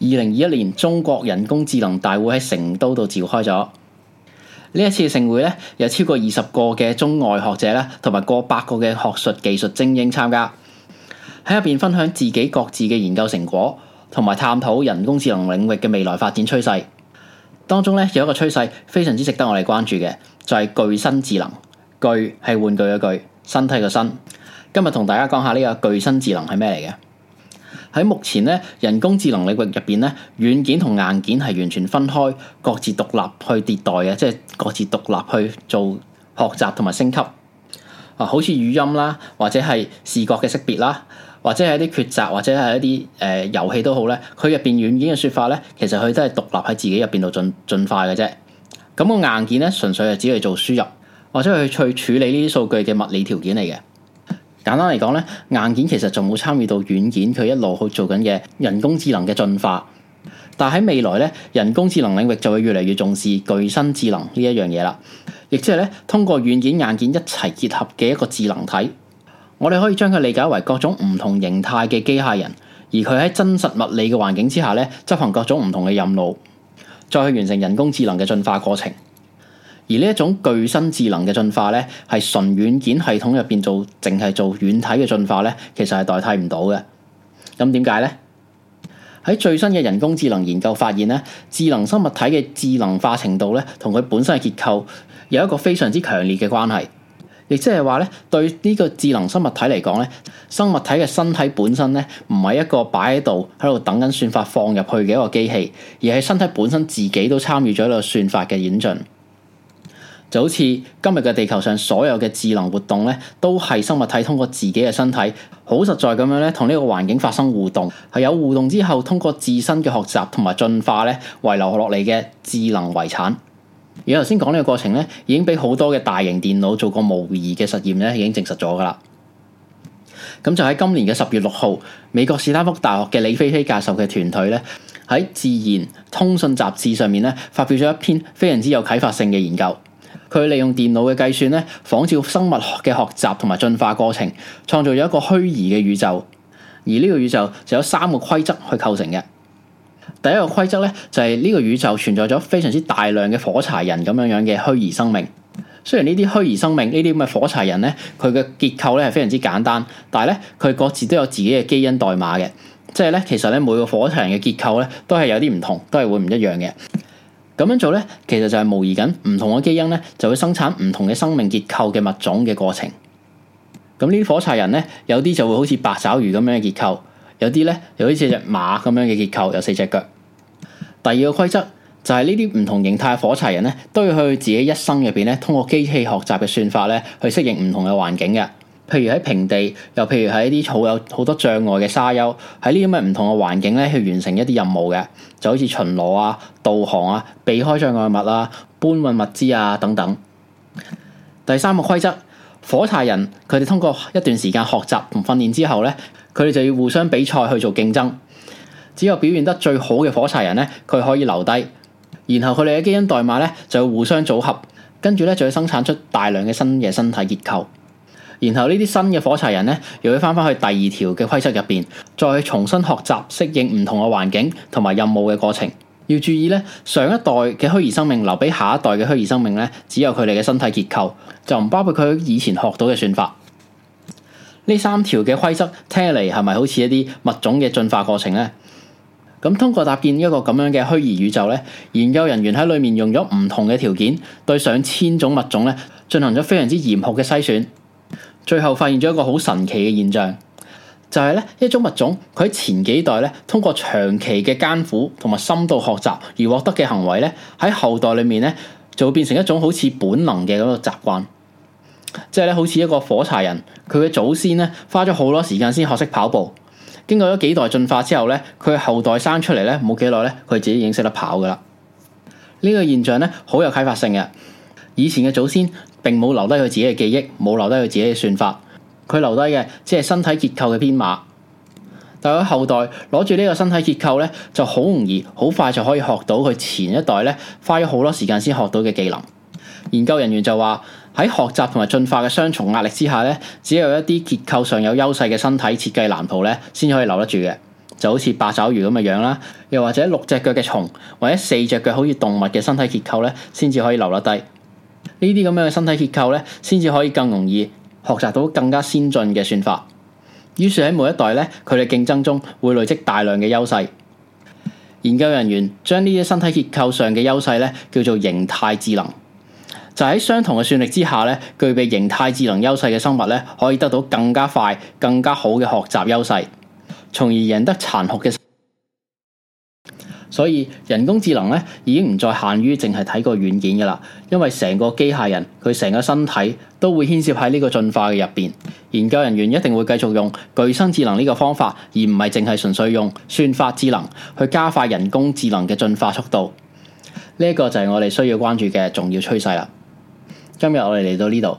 二零二一年中國人工智能大會喺成都度召開咗，呢一次盛會咧有超過二十個嘅中外學者啦，同埋過百個嘅學術技術精英參加，喺入邊分享自己各自嘅研究成果，同埋探討人工智能領域嘅未來發展趨勢。當中咧有一個趨勢非常之值得我哋關注嘅，就係、是、具身智能。具係玩具嗰具，身體嘅身。今日同大家講下呢個具身智能係咩嚟嘅。喺目前咧，人工智能領域入邊咧，軟件同硬件係完全分開，各自獨立去迭代嘅，即係各自獨立去做學習同埋升級。啊，好似語音啦，或者係視覺嘅識別啦，或者係一啲抉擇，或者係一啲誒、呃、遊戲都好咧，佢入邊軟件嘅説法咧，其實佢都係獨立喺自己入邊度進進化嘅啫。咁、那個硬件咧，純粹係只係做輸入或者去去處理呢啲數據嘅物理條件嚟嘅。簡單嚟講咧，硬件其實仲冇參與到軟件佢一路去做緊嘅人工智能嘅進化。但喺未來咧，人工智能領域就會越嚟越重視具身智能呢一樣嘢啦，亦即係咧通過軟件、硬件一齊結合嘅一個智能體。我哋可以將佢理解為各種唔同形態嘅機械人，而佢喺真實物理嘅環境之下咧，執行各種唔同嘅任務，再去完成人工智能嘅進化過程。而呢一種具身智能嘅進化咧，係純軟件系統入邊做，淨係做軟體嘅進化咧，其實係代替唔到嘅。咁點解咧？喺最新嘅人工智能研究發現咧，智能生物體嘅智能化程度咧，同佢本身嘅結構有一個非常之強烈嘅關係。亦即係話咧，對呢個智能生物體嚟講咧，生物體嘅身體本身咧，唔係一個擺喺度喺度等緊算法放入去嘅一個機器，而係身體本身自己都參與咗一個算法嘅演進。就好似今日嘅地球上所有嘅智能活動咧，都係生物體通過自己嘅身體好實在咁樣咧，同呢個環境發生互動。係有互動之後，通過自身嘅學習同埋進化咧，遺留落嚟嘅智能遺產。而頭先講呢個過程咧，已經俾好多嘅大型電腦做過模擬嘅實驗咧，已經證實咗噶啦。咁就喺今年嘅十月六號，美國斯坦福大學嘅李飛飛教授嘅團隊咧，喺《自然通訊》雜誌上面咧發表咗一篇非常之有啟發性嘅研究。佢利用電腦嘅計算咧，仿照生物學嘅學習同埋進化過程，創造咗一個虛擬嘅宇宙。而呢個宇宙就有三個規則去構成嘅。第一個規則咧，就係呢個宇宙存在咗非常之大量嘅火柴人咁樣樣嘅虛擬生命。雖然呢啲虛擬生命呢啲咁嘅火柴人咧，佢嘅結構咧係非常之簡單，但係咧佢各自都有自己嘅基因代碼嘅。即係咧，其實咧每個火柴人嘅結構咧都係有啲唔同，都係會唔一樣嘅。咁樣做咧，其實就係模擬緊唔同嘅基因咧，就會生產唔同嘅生命結構嘅物種嘅過程。咁呢啲火柴人咧，有啲就會好似八爪魚咁樣嘅結構，有啲咧又好似隻馬咁樣嘅結構，有四隻腳。第二個規則就係呢啲唔同形態嘅火柴人咧，都要去自己一生入邊咧，通過機器學習嘅算法咧，去適應唔同嘅環境嘅。譬如喺平地，又譬如喺啲好有好多障礙嘅沙丘，喺呢啲咁嘅唔同嘅環境咧，去完成一啲任務嘅，就好似巡邏啊、導航啊、避開障礙物啊、搬運物資啊等等。第三個規則，火柴人佢哋通過一段時間學習同訓練之後咧，佢哋就要互相比賽去做競爭。只有表現得最好嘅火柴人咧，佢可以留低，然後佢哋嘅基因代碼咧就要互相組合，跟住咧就要生產出大量嘅新嘅身體結構。然後呢啲新嘅火柴人咧，又要翻翻去第二條嘅規則入邊，再重新學習適應唔同嘅環境同埋任務嘅過程。要注意咧，上一代嘅虛擬生命留俾下一代嘅虛擬生命咧，只有佢哋嘅身體結構，就唔包括佢以前學到嘅算法。呢三條嘅規則聽起嚟係咪好似一啲物種嘅進化過程咧？咁通過搭建一個咁樣嘅虛擬宇宙咧，研究人員喺裏面用咗唔同嘅條件，對上千種物種咧進行咗非常之嚴酷嘅篩選。最後發現咗一個好神奇嘅現象，就係咧一種物種，佢喺前幾代咧通過長期嘅艱苦同埋深度學習而獲得嘅行為咧，喺後代裏面咧就會變成一種好似本能嘅咁嘅習慣，即係咧好似一個火柴人，佢嘅祖先咧花咗好多時間先學識跑步，經過咗幾代進化之後咧，佢嘅後代生出嚟咧冇幾耐咧，佢自己已經識得跑噶啦。呢個現象咧好有啟發性嘅，以前嘅祖先，並冇留低佢自己嘅記憶，冇留低佢自己嘅算法。佢留低嘅只係身體結構嘅編碼。但佢後代攞住呢個身體結構咧，就好容易、好快就可以學到佢前一代咧花咗好多時間先學到嘅技能。研究人員就話喺學習同埋進化嘅雙重壓力之下咧，只有一啲結構上有優勢嘅身體設計藍圖咧，先可以留得住嘅。就好似八爪魚咁嘅樣啦，又或者六隻腳嘅蟲，或者四隻腳好似動物嘅身體結構咧，先至可以留得低。呢啲咁樣嘅身體結構咧，先至可以更容易學習到更加先進嘅算法。於是喺每一代咧，佢哋競爭中會累積大量嘅優勢。研究人員將呢啲身體結構上嘅優勢咧，叫做形態智能。就喺相同嘅算力之下咧，具備形態智能優勢嘅生物咧，可以得到更加快、更加好嘅學習優勢，從而贏得殘酷嘅。所以人工智能咧，已經唔再限於淨係睇個軟件嘅啦，因為成個機械人佢成個身體都會牽涉喺呢個進化嘅入邊。研究人員一定會繼續用具身智能呢個方法，而唔係淨係純粹用算法智能去加快人工智能嘅進化速度。呢、這、一個就係我哋需要關注嘅重要趨勢啦。今日我哋嚟到呢度。